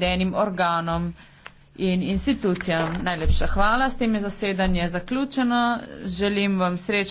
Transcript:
navedenim organom in institucijam. Najlepša hvala, s tem je zasedanje zaključeno. Želim vam srečno.